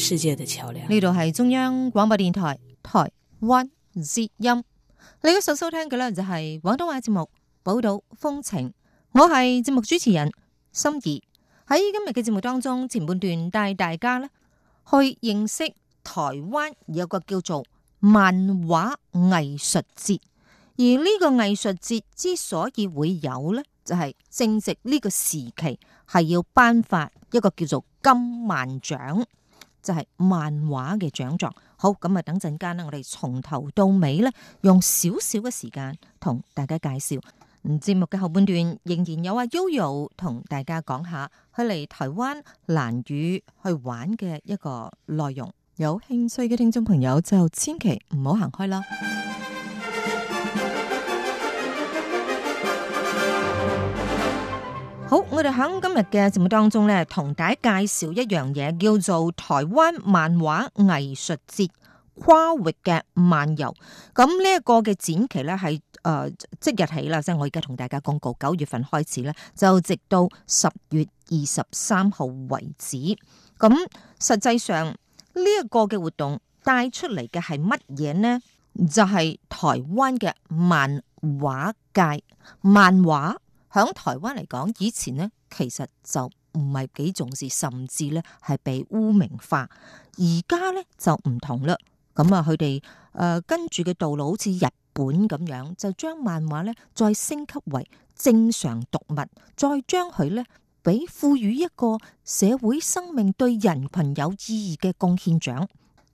世界的橋樑，呢度係中央廣播電台台灣之音。你而家所收聽嘅呢，就係廣東話節目《寶島風情》。我係節目主持人心儀。喺今日嘅節目當中，前半段帶大家呢去認識台灣有個叫做漫畫藝術節。而呢個藝術節之所以會有呢，就係、是、正值呢個時期係要頒發一個叫做金漫獎。就係漫畫嘅獎狀，好咁啊！等陣間咧，我哋從頭到尾咧，用少少嘅時間同大家介紹。節目嘅後半段仍然有阿 Yoyo 同大家講下佢嚟台灣蘭嶼去玩嘅一個內容。有興趣嘅聽眾朋友就千祈唔好行開啦。好，我哋響今日嘅節目當中咧，同大家介紹一樣嘢，叫做台灣漫畫藝術節跨域嘅漫遊。咁呢一個嘅展期咧，係誒、呃、即日起啦，即係我而家同大家公告，九月份開始咧，就直到十月二十三號為止。咁、嗯、實際上呢一、這個嘅活動帶出嚟嘅係乜嘢呢？就係、是、台灣嘅漫畫界漫畫。喺台灣嚟講，以前咧其實就唔係幾重視，甚至咧係被污名化。而家咧就唔同啦。咁啊，佢哋誒跟住嘅道路好似日本咁樣，就將漫畫咧再升級為正常讀物，再將佢咧俾賦予一個社會生命對人群有意義嘅貢獻獎。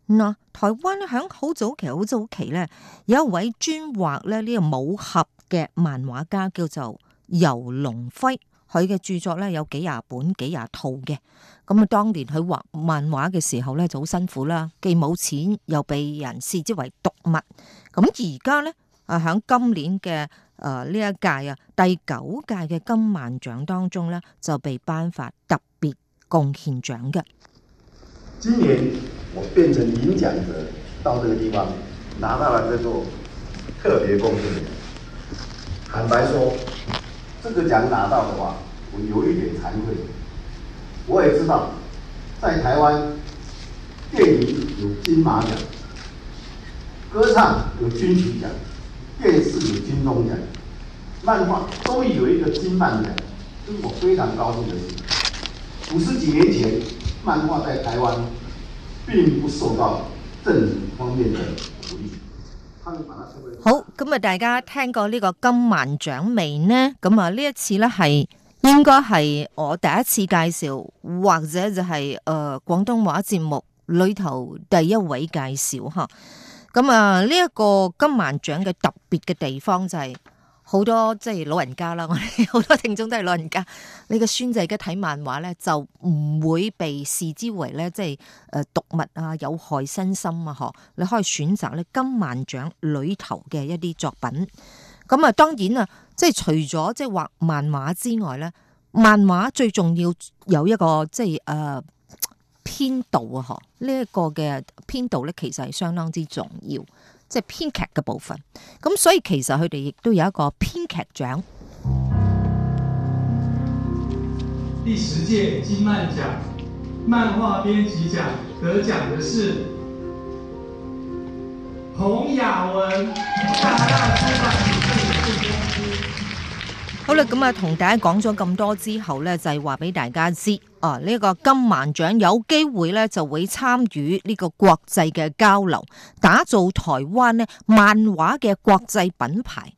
嗱，台灣咧喺好早期好早期咧，有一位專畫咧呢個武俠嘅漫畫家叫做，游龍輝佢嘅著作咧有幾廿本、幾廿套嘅，咁啊當年佢畫漫畫嘅時候咧就好辛苦啦，既冇錢又被人視之為毒物，咁而家咧啊喺今年嘅誒呢一屆啊第九屆嘅金漫獎當中咧就被頒發特別貢獻獎嘅。今年我變成領獎者到呢個地方，拿到了這座特別貢獻獎，坦白說。這個獎拿到的話，我有一點慚愧。我也知道，在台灣電影有金馬獎，歌唱有金曲獎，電視有金鐘獎，漫畫都有一個金漫獎，是我非常高興的事，五十幾年前，漫畫在台灣並不受到政府方面的鼓勵。好咁啊！大家聽過呢個金漫獎未呢？咁啊呢一次呢係應該係我第一次介紹，或者就係誒廣東話節目裏頭第一位介紹吓，咁啊呢一個金漫獎嘅特別嘅地方就係、是。好多即係老人家啦，我哋好多聽眾都係老人家。你個孫仔而家睇漫畫咧，就唔會被視之為咧，即係誒毒物啊，有害身心啊，嗬？你可以選擇咧金漫獎裏頭嘅一啲作品。咁啊，當然啦，即係除咗即係畫漫畫之外咧，漫畫最重要有一個即係誒編導啊，嗬、呃？呢一、這個嘅編導咧，其實係相當之重要。即係編劇嘅部分，咁所以其實佢哋亦都有一個編劇獎。第十屆金漫獎漫畫編輯獎得獎嘅是洪雅文。 咁啊，同大家講咗咁多之後呢，就係話俾大家知啊，呢個金漫獎有機會呢就會參與呢個國際嘅交流，打造台灣呢漫畫嘅國際品牌。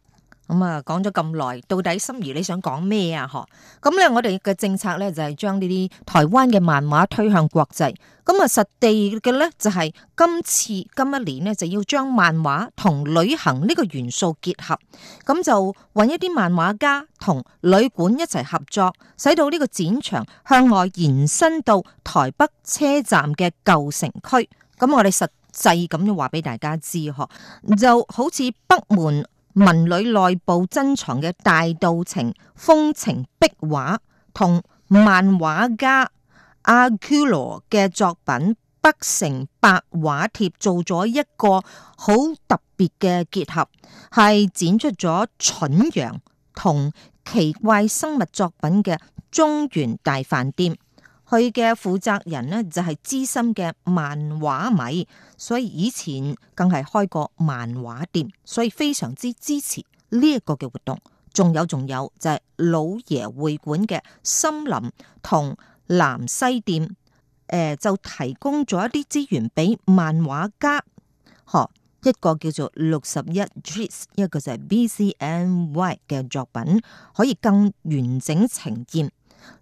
咁啊，講咗咁耐，到底心怡你想講咩啊？嗬，咁咧，我哋嘅政策咧就係將呢啲台灣嘅漫畫推向國際。咁啊，實地嘅咧就係今次今一年呢，就要將漫畫同旅行呢個元素結合，咁就揾一啲漫畫家同旅館一齊合作，使到呢個展場向外延伸到台北車站嘅舊城區。咁我哋實際咁樣話俾大家知，嗬，就好似北門。文旅內部珍藏嘅大稻埕風情壁畫同漫畫家 AKRU 嘅作品《北城百畫帖》做咗一個好特別嘅結合，係展出咗蠢羊同奇怪生物作品嘅中源大飯店。佢嘅負責人呢，就係資深嘅漫畫迷。所以以前更係開過漫畫店，所以非常之支持呢一個嘅活動。仲有仲有就係老爺會館嘅森林同南西店，誒、呃、就提供咗一啲資源俾漫畫家，呵一個叫做六十一 Dress，一個就係 BCNY 嘅作品，可以更完整呈現。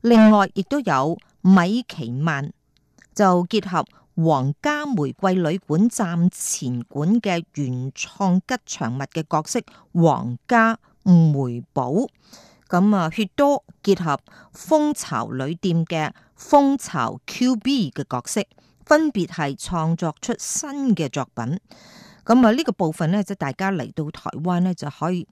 另外，亦都有米奇曼就結合皇家玫瑰旅館站前館嘅原創吉祥物嘅角色皇家梅寶，咁啊血多結合蜂巢旅店嘅蜂巢 QB 嘅角色，分別係創作出新嘅作品。咁啊呢個部分咧，即係大家嚟到台灣咧就可以。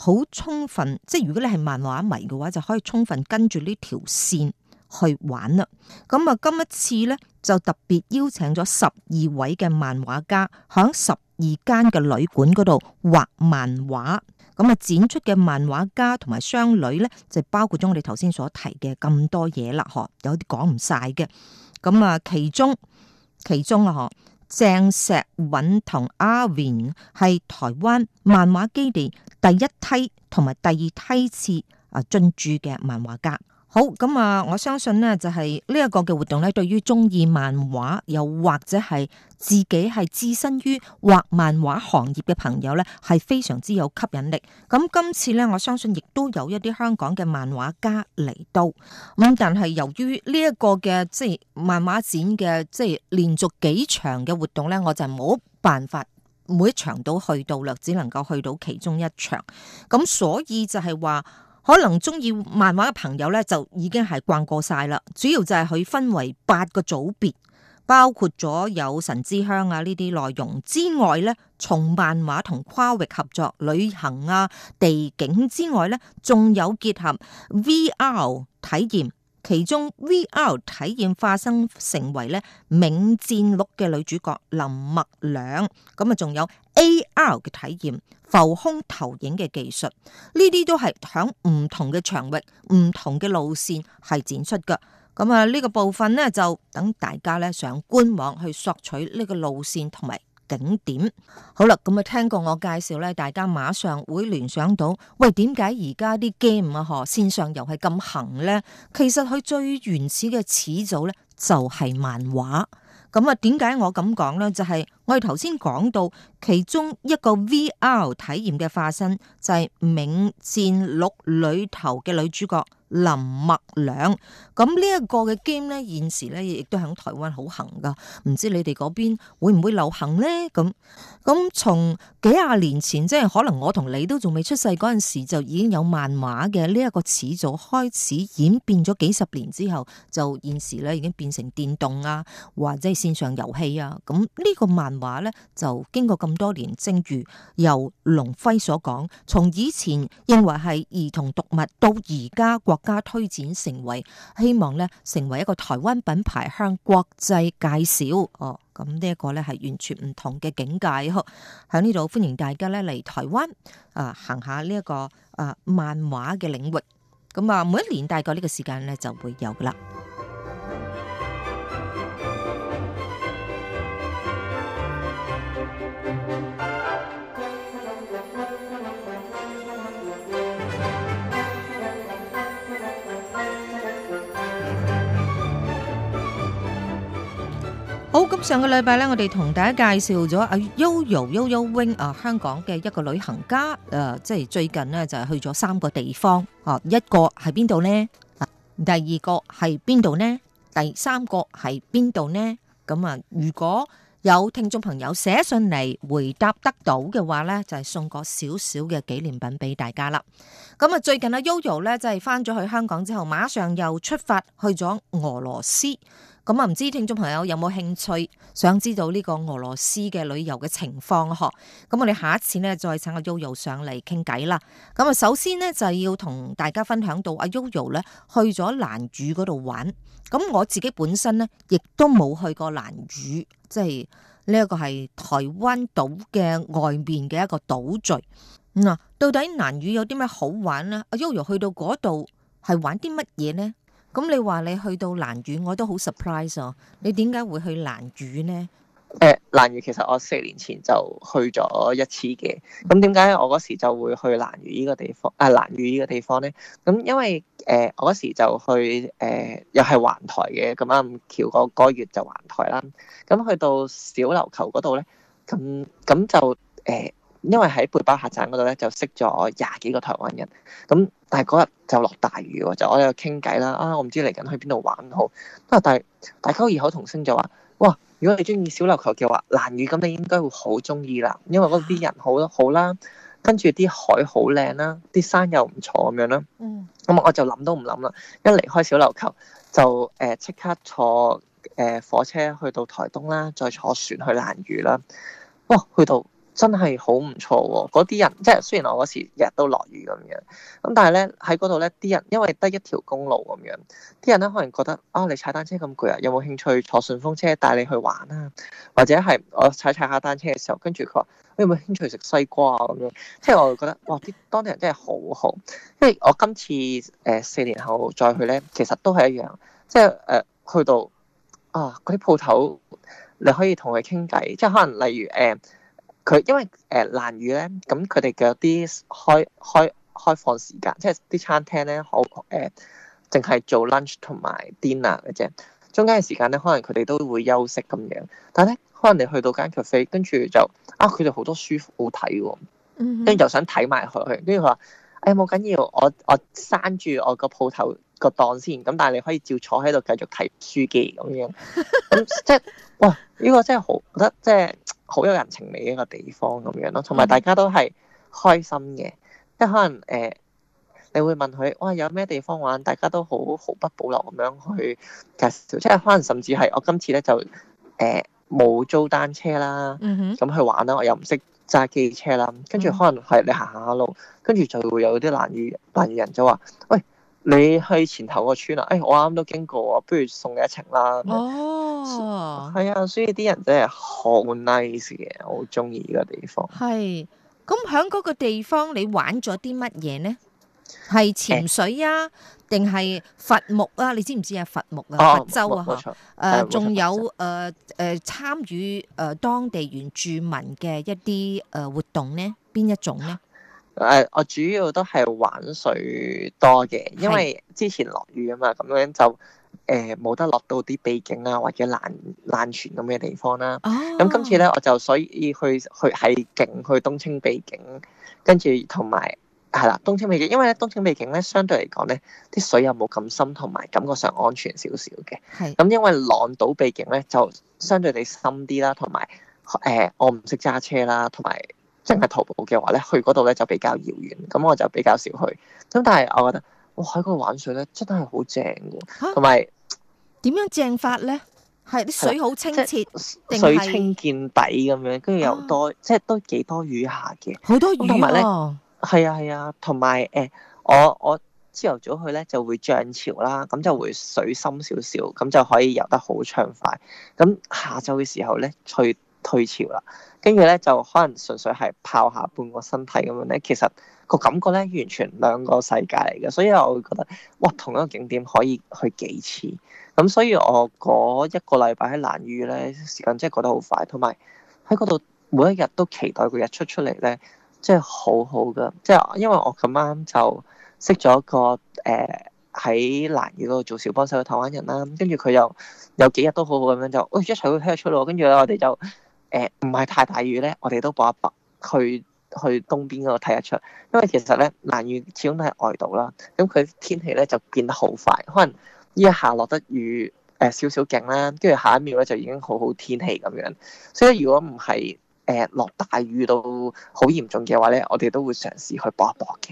好充分，即係如果你係漫畫迷嘅話，就可以充分跟住呢條線去玩啦。咁、嗯、啊，今一次咧就特別邀請咗十二位嘅漫畫家響十二間嘅旅館嗰度畫漫畫。咁、嗯、啊，展、嗯、出嘅漫畫家同埋商旅咧就包括咗我哋頭先所提嘅咁多嘢啦，嗬，有啲講唔晒嘅。咁、嗯、啊，其中其中啊，嗬，鄭石韻同阿 Win 係台灣漫畫基地。第一梯同埋第二梯次啊，進駐嘅漫畫家。好咁啊，我相信咧就係呢一個嘅活動咧，對於中意漫畫又或者係自己係置身於畫漫畫行業嘅朋友咧，係非常之有吸引力。咁今次咧，我相信亦都有一啲香港嘅漫畫家嚟到。咁但係由於呢一個嘅即係漫畫展嘅即係連續幾場嘅活動咧，我就冇辦法。每一場都去到啦，只能夠去到其中一場，咁所以就係話，可能中意漫畫嘅朋友咧就已經係逛過晒啦。主要就係佢分為八個組別，包括咗有神之鄉啊呢啲內容之外咧，從漫畫同跨域合作、旅行啊、地景之外咧，仲有結合 VR 體驗。其中 VR 體驗化身成為咧《冥戰錄》嘅女主角林默娘，咁啊仲有 AR 嘅體驗、浮空投影嘅技術，呢啲都係喺唔同嘅場域、唔同嘅路線係展出㗎。咁啊呢個部分咧，就等大家咧上官網去索取呢個路線同埋。景點好啦，咁啊，聽過我介紹咧，大家馬上會聯想到，喂，點解而家啲 game 啊，嗬，線上遊戲咁行咧？其實佢最原始嘅始祖咧，就係漫畫。咁啊，點解我咁講咧？就係我哋頭先講到其中一個 VR 體驗嘅化身，就係、是《冥戰錄》裏頭嘅女主角。林墨良，咁呢一個嘅 game 咧，現時咧亦都喺台灣好行噶。唔知你哋嗰邊會唔會流行咧？咁咁從幾廿年前，即係可能我同你都仲未出世嗰陣時，就已經有漫畫嘅呢一個始祖開始演變咗幾十年之後，就現時咧已經變成電動啊，或者係線上遊戲啊。咁呢個漫畫咧就經過咁多年，正如由龍輝所講，從以前認為係兒童讀物到而家國。國家推展成為希望咧，成為一個台灣品牌，向國際介紹哦。咁呢一個咧係完全唔同嘅境界。喺呢度歡迎大家咧嚟台灣啊、呃，行下呢、這、一個啊、呃、漫畫嘅領域。咁、嗯、啊，每一年大概呢個時間咧就會有㗎喇。上個禮拜咧，我哋同大家介紹咗阿 Yoyo Yoyo Wing 啊，香港嘅一個旅行家，誒，即係最近呢，就係去咗三個地方，哦，一個係邊度呢？第二個係邊度呢？第三個係邊度呢？咁啊，如果有聽眾朋友寫信嚟回答得到嘅話呢，就係送個少少嘅紀念品俾大家啦。咁啊，最近阿 Yoyo 咧就係翻咗去香港之後，馬上又出發去咗俄羅斯。咁啊，唔知聽眾朋友有冇興趣想知道呢個俄羅斯嘅旅遊嘅情況嗬？咁我哋下一次咧再請阿 U U 上嚟傾偈啦。咁啊，首先咧就要同大家分享到阿 U U 咧去咗蘭嶼嗰度玩。咁我自己本身咧亦都冇去過蘭嶼，即係呢一個係台灣島嘅外面嘅一個島嶼。嗱、嗯，到底蘭嶼有啲咩好玩咧？阿 U U 去到嗰度係玩啲乜嘢咧？咁你話你去到蘭嶼，我都好 surprise 啊。你點解會去蘭嶼呢？誒，蘭嶼其實我四年前就去咗一次嘅。咁點解我嗰時就會去蘭嶼呢個地方？啊，蘭嶼呢個地方咧？咁因為誒、呃，我嗰時就去誒、呃，又係環台嘅。咁啱橋嗰個月就環台啦。咁去到小琉球嗰度咧，咁咁就誒。呃因為喺背包客棧嗰度咧，就識咗廿幾個台灣人。咁但係嗰日就落大雨喎，就我喺度傾偈啦。啊，我唔知嚟緊去邊度玩好。啊，但係大家異口同聲就話：哇！如果你中意小琉球嘅話，蘭嶼咁，你應該會好中意啦。因為嗰啲人好好啦，跟住啲海好靚啦，啲山又唔錯咁樣啦。嗯。咁我就諗都唔諗啦，一離開小琉球就誒即刻坐誒火車去到台東啦，再坐船去蘭嶼啦。哇！去到～真係好唔錯喎、啊！嗰啲人即係雖然我嗰時日日都落雨咁樣，咁但係咧，喺嗰度咧啲人，因為得一條公路咁樣，啲人咧可能覺得啊，你踩單車咁攰啊，有冇興趣坐順風車帶你去玩啊？或者係我踩踩下單車嘅時候，跟住佢話，你有冇興趣食西瓜啊？咁樣即係我會覺得哇！啲當地人真係好好，因為我今次誒四、呃、年後再去咧，其實都係一樣，即係誒、呃、去到啊嗰啲鋪頭，你可以同佢傾偈，即係可能例如誒。呃佢因為誒蘭嶼咧，咁佢哋嘅啲開開開放時間，即係啲餐廳咧，好誒，淨、欸、係做 lunch 同埋 dinner 嘅啫。中間嘅時間咧，可能佢哋都會休息咁樣。但係咧，可能你去到間 cafe，跟住就啊，佢哋好多書好睇喎，跟住就想睇埋佢。跟住佢話：誒、哎、冇緊要，我我閂住我個鋪頭個檔先，咁但係你可以照坐喺度繼續睇書記咁樣。咁即係哇，呢、呢個真係好覺得即係。好有人情味嘅一個地方咁樣咯，同埋大家都係開心嘅，即係、mm hmm. 可能誒、呃，你會問佢，哇，有咩地方玩？大家都好毫不保留咁樣去介紹，即係可能甚至係我今次咧就誒冇、呃、租單車啦，咁、mm hmm. 去玩啦，我又唔識揸機車啦，跟住可能係你行下路，跟住就會有啲難遇難以人就話，喂，你去前頭個村啊？誒、哎，我啱啱都經過啊，不如送你一程啦。Oh. 哦，係啊，所以啲人都係好 nice 嘅，我好中意個地方。係咁，喺嗰個地方你玩咗啲乜嘢呢？係潛水啊，定係伐木啊？你知唔知啊？伐木啊，佛州、哦、啊？冇錯，誒，仲有誒誒，參與誒當地原住民嘅一啲誒活動呢？邊一種呢？誒、欸，我主要都係玩水多嘅，是因為之前落雨啊嘛，咁樣就。誒冇、呃、得落到啲秘境啊，或者爛爛船咁嘅地方啦、啊。咁、哦嗯、今次咧，我就所以去去係景去東清秘境，跟住同埋係啦，東清秘境。因為咧東清秘境咧，相對嚟講咧，啲水又冇咁深，同埋感覺上安全少少嘅。係的。咁因為朗島秘境咧，就相對地深啲啦，同埋誒我唔識揸車啦，同埋淨係徒步嘅話咧，去嗰度咧就比較遙遠，咁我就比較少去。咁但係我覺得，哇喺嗰度玩水咧，真係好正喎，同埋～點樣正法咧？係啲水好清澈，是水清見底咁樣，跟住又多，啊、即係都幾多魚下嘅。好多魚，同埋咧，係啊係啊，同埋誒，我我朝頭早去咧就會漲潮啦，咁就會水深少少，咁就可以游得好暢快。咁下晝嘅時候咧，除退潮啦，跟住咧就可能純粹係泡下半個身體咁樣咧，其實個感覺咧完全兩個世界嚟嘅，所以我會覺得，哇，同一個景點可以去幾次，咁所以我嗰一個禮拜喺蘭嶼咧時間真係過得好快，同埋喺嗰度每一日都期待佢日出出嚟咧，即係好好㗎，即係因為我咁啱就識咗一個誒喺、呃、蘭嶼嗰度做小幫手嘅台灣人啦，跟住佢又，有幾日都好好咁樣就，哦、哎、一齊會睇日出咯，跟住咧我哋就。誒唔係太大雨咧，我哋都搏一搏去去東邊嗰度睇日出，因為其實咧蘭嶼始終都係外島啦，咁佢天氣咧就變得好快，可能依一下落得雨誒少少勁啦，跟住下一秒咧就已經好好天氣咁樣，所以如果唔係誒落大雨到好嚴重嘅話咧，我哋都會嘗試去搏一搏嘅。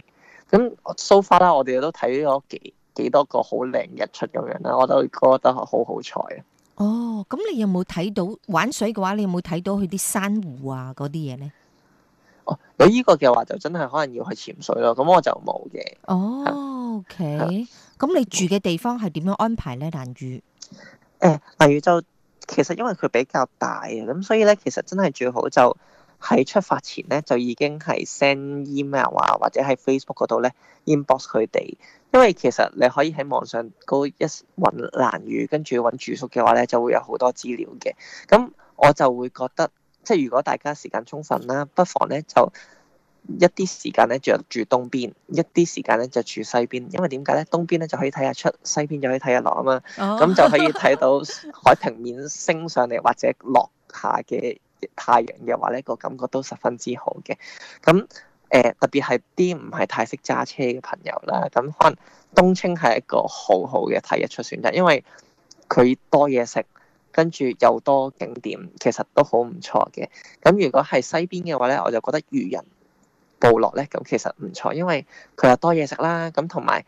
咁 so far 啦，我哋都睇咗幾幾多個好靚日出咁樣啦，我都覺得好好彩啊！哦，咁你有冇睇到玩水嘅話，你有冇睇到佢啲珊瑚啊嗰啲嘢咧？呢哦，有呢個嘅話就真係可能要去潛水咯，咁我就冇嘅。哦，OK，咁、嗯、你住嘅地方係點樣安排咧？蘭嶼？誒、欸，蘭嶼就其實因為佢比較大啊，咁所以咧其實真係最好就。喺出發前咧，就已經係 send email 啊，或者喺 Facebook 嗰度咧 inbox 佢哋，因為其實你可以喺網上嗰一揾蘭嶼，跟住揾住宿嘅話咧，就會有好多資料嘅。咁我就會覺得，即係如果大家時間充分啦，不妨咧就一啲時間咧就住東邊，一啲時間咧就住西邊，因為點解咧？東邊咧就可以睇日出，西邊就可以睇日落啊嘛。咁就可以睇到海平面升上嚟或者落下嘅。太陽嘅話呢、呢個感覺都十分之好嘅。咁誒、呃，特別係啲唔係太識揸車嘅朋友啦，咁可能東涌係一個好好嘅睇日出選擇，因為佢多嘢食，跟住又多景點，其實都好唔錯嘅。咁如果係西邊嘅話呢，我就覺得漁人部落呢，咁其實唔錯，因為佢又多嘢食啦，咁同埋誒。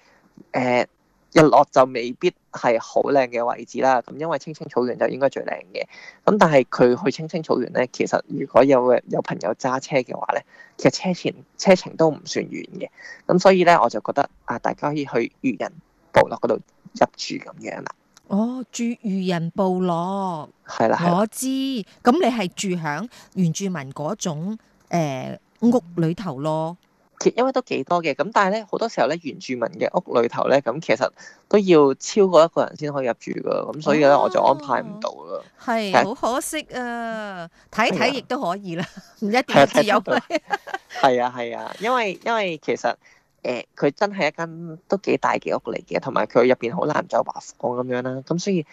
呃日落就未必係好靚嘅位置啦，咁因為青青草原就應該最靚嘅。咁但係佢去青青草原咧，其實如果有有朋友揸車嘅話咧，其實車前車程都唔算遠嘅。咁所以咧，我就覺得啊，大家可以去漁人部落嗰度入住咁樣啦。哦，住漁人部落係啦，我知。咁你係住響原住民嗰種、呃、屋裏頭咯。因為都幾多嘅，咁但係咧好多時候咧，原住民嘅屋裏頭咧，咁其實都要超過一個人先可以入住噶，咁所以咧、哦、我就安排唔到咯。係是是好可惜啊！睇睇亦都可以啦，唔、啊、一定要睇、啊、到。係 啊係啊，啊，因為因為其實誒佢、呃、真係一間都幾大嘅屋嚟嘅，同埋佢入邊好難唔做華房咁樣啦。咁所以誒、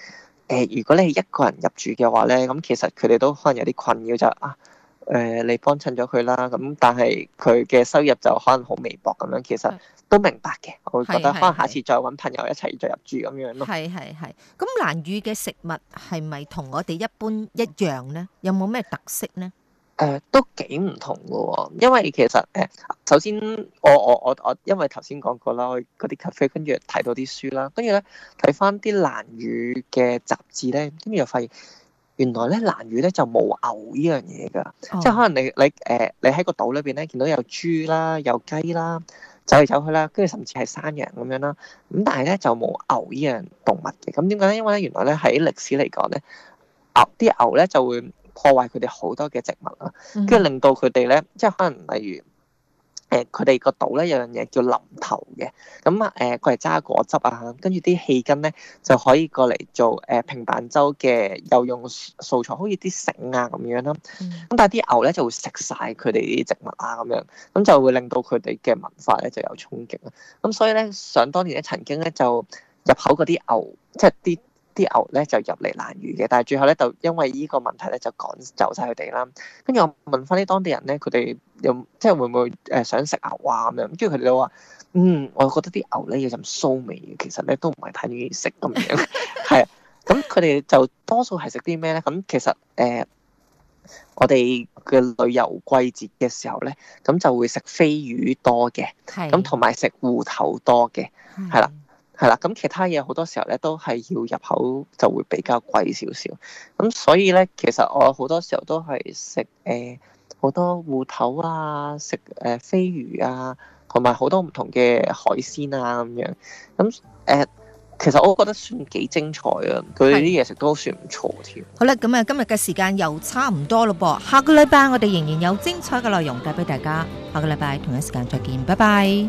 呃，如果你係一個人入住嘅話咧，咁其實佢哋都可能有啲困擾就是、啊～誒、呃，你幫襯咗佢啦，咁但係佢嘅收入就可能好微薄咁樣，其實都明白嘅，是我會覺得可能下次再搵朋友一齊再入住咁樣咯。係係係，咁蘭嶼嘅食物係咪同我哋一般一樣咧？有冇咩特色咧？誒、呃，都幾唔同㗎喎、哦，因為其實誒，首先我我我我，因為頭先講過啦，我嗰啲 cafe，跟住睇到啲書啦，跟住咧睇翻啲蘭嶼嘅雜誌咧，跟住又發現。原來咧，蘭嶼咧就冇牛呢樣嘢㗎，即係可能你你誒你喺個島裏邊咧見到有豬啦、有雞啦，走嚟走去啦，跟住甚至係山羊咁樣啦，咁但係咧就冇牛呢樣動物嘅。咁點解咧？因為咧原來咧喺歷史嚟講咧，牛啲牛咧就會破壞佢哋好多嘅植物啦，跟住、嗯、令到佢哋咧，即係可能例如。誒佢哋個島咧有樣嘢叫林頭嘅，咁啊誒佢係揸果汁啊，跟住啲氣根咧就可以過嚟做誒平板洲嘅，有用素材好似啲繩啊咁樣啦。咁但係啲牛咧就會食晒佢哋啲植物啊咁樣，咁就會令到佢哋嘅文化咧就有衝擊啊。咁所以咧，想當年咧曾經咧就入口嗰啲牛，即係啲。啲牛咧就入嚟蘭嶼嘅，但係最後咧就因為依個問題咧就趕走晒佢哋啦。跟住我問翻啲當地人咧，佢哋又即係會唔會誒想食牛蛙咁樣？跟住佢哋就話：嗯，我覺得啲牛咧有陣騷味嘅，其實咧都唔係太中意食咁樣。係，咁佢哋就多數係食啲咩咧？咁其實誒、呃，我哋嘅旅遊季節嘅時候咧，咁就會食飛魚多嘅，咁同埋食芋頭多嘅，係啦。係啦，咁其他嘢好多時候咧都係要入口就會比較貴少少，咁所以咧其實我好多時候都係食誒好多芋頭啊，食誒飛魚啊，同埋好多唔同嘅海鮮啊咁樣，咁誒、呃、其實我覺得算幾精彩啊，佢啲嘢食都算唔錯添。是好啦，咁啊今日嘅時間又差唔多咯噃，下個禮拜我哋仍然有精彩嘅內容帶俾大家，下個禮拜同一時間再見，拜拜。